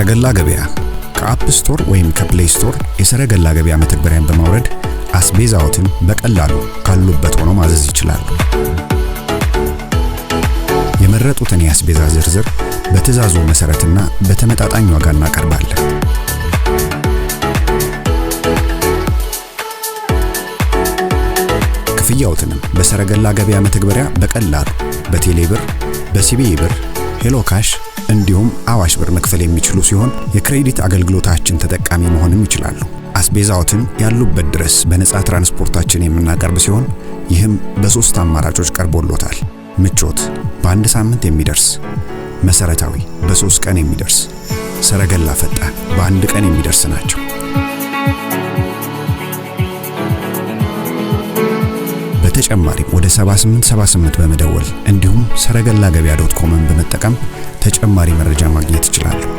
ሰረገላ ገበያ ከአፕ ስቶር ወይም ከፕሌይ ስቶር የሰረገላ ገበያ መተግበሪያን በማውረድ አስቤዛዎትን በቀላሉ ካሉበት ሆኖ ማዘዝ ይችላሉ። የመረጡትን የአስቤዛ ዝርዝር በትዕዛዙ መሰረትና በተመጣጣኝ ዋጋ እናቀርባለን። ክፍያዎትንም በሰረገላ ገበያ መተግበሪያ በቀላሉ በቴሌ ብር፣ በሲቢኢ ብር ሄሎ ካሽ እንዲሁም አዋሽ ብር መክፈል የሚችሉ ሲሆን የክሬዲት አገልግሎታችን ተጠቃሚ መሆንም ይችላሉ። አስቤዛዎትን ያሉበት ድረስ በነፃ ትራንስፖርታችን የምናቀርብ ሲሆን ይህም በሶስት አማራጮች ቀርቦሎታል። ምቾት በአንድ ሳምንት የሚደርስ፣ መሰረታዊ በሶስት ቀን የሚደርስ፣ ሰረገላ ፈጣን በአንድ ቀን የሚደርስ ናቸው። በተጨማሪም ወደ 7878 በመደወል እንዲሁም ሰረገላ ገበያ ዶት ኮምን በመጠቀም ተጨማሪ መረጃ ማግኘት ይችላሉ።